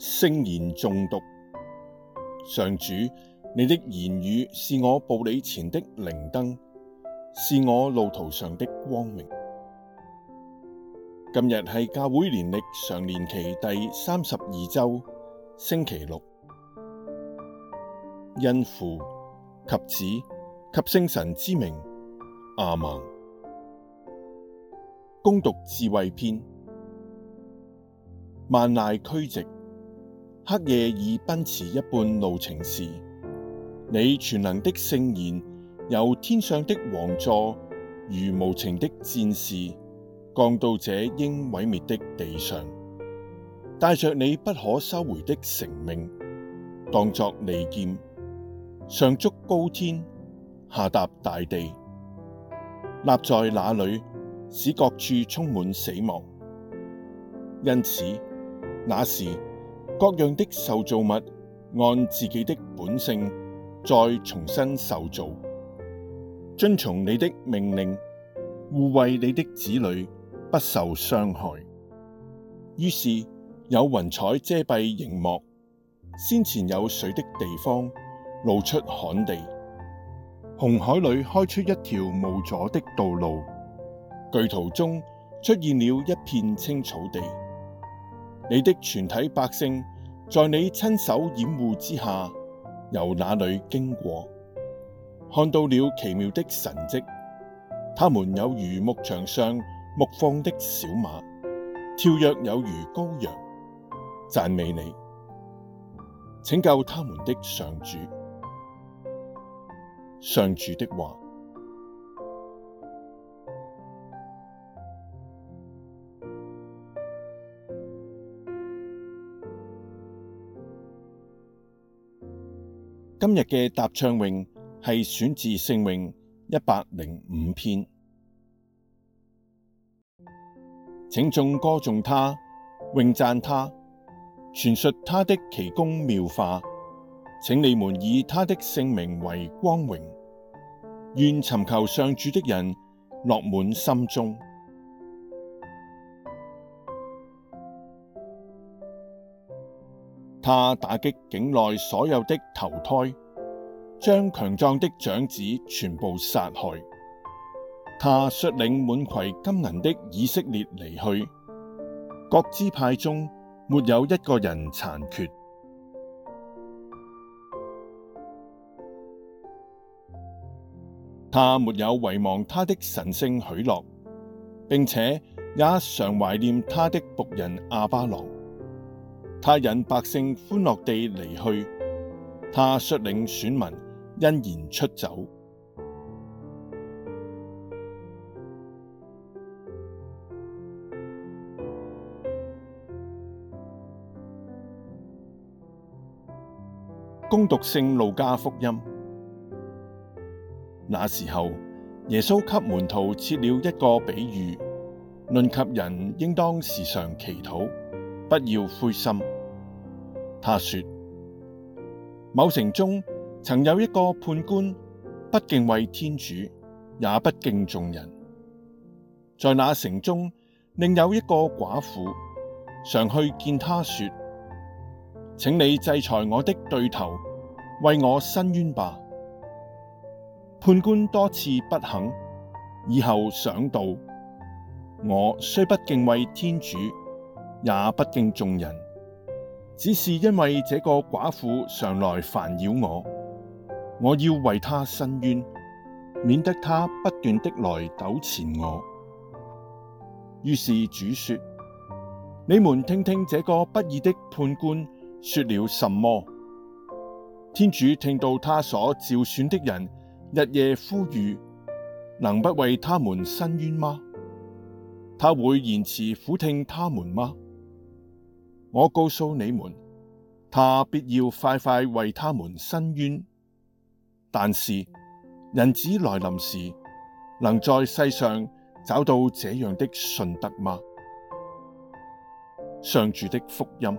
聖言誦讀，上主，你的言語是我步你前的靈燈，是我路途上的光明。今日係教會年曆常年期第三十二周。星期六，因父及子及聖神之名，阿們，恭讀智慧篇。萬籟俱寂，黑夜已奔馳一半路程時，你全能的聖言由天上的王座，如無情的戰士，降到這應毀滅的地上。帶着你不可收回的成命，當作利劍，上觸高天，下踏大地，立在那裏，使各處充滿死亡。因此，那時各樣的受造物按自己的本性再重新受造，遵從你的命令，護衛你的子女不受傷害。於是。有雲彩遮蔽營幕，先前有水的地方露出旱地，紅海裏開出一條無阻的道路。巨濤中出現了一片青草地，你的全體百姓在你親手掩護之下，由那裏經過，看到了奇妙的神跡。他們有如牧場上牧放的小馬，跳躍有如羔羊。讚美你，拯救他們的上主。上主的話，今日嘅答唱詠係選自聖詠一百零五篇，請眾歌頌他，詠讚他。傳述他的奇工妙化，請你們以他的聖名為光榮，願尋求上主的人樂滿心中。他打擊境內所有的頭胎，將強壯的長子全部殺害。他率領滿携金銀的以色列離去，各支派中，沒有一個人殘缺，他沒有遺忘他的神聖許諾，並且也常懷念他的僕人亞巴郎。他引百姓歡樂地離去，他率領選民欣然出走。恭讀《聖路加福音》，那時候耶穌給門徒設了一個比喻，論及人應當時常祈禱，不要灰心。他說：某城中曾有一個判官，不敬畏天主，也不敬重人。在那城中另有一個寡婦，常去見他說。請你制裁我的對頭，為我伸冤吧！判官多次不肯以後想到，我雖不敬畏天主，也不敬眾人，只是因為這個寡婦常來煩擾我，我要為她伸冤，免得她不斷的來糾纏我。於是主說：你們聽聽這個不義的判官說了什麼？天主聽到他所召選的人日夜呼籲，能不為他們伸冤嗎？他會延遲俯聽他們嗎？我告訴你們，他必要快快為他們伸冤。但是人子來臨時，能在世上找到這樣的信德嗎？上主的福音。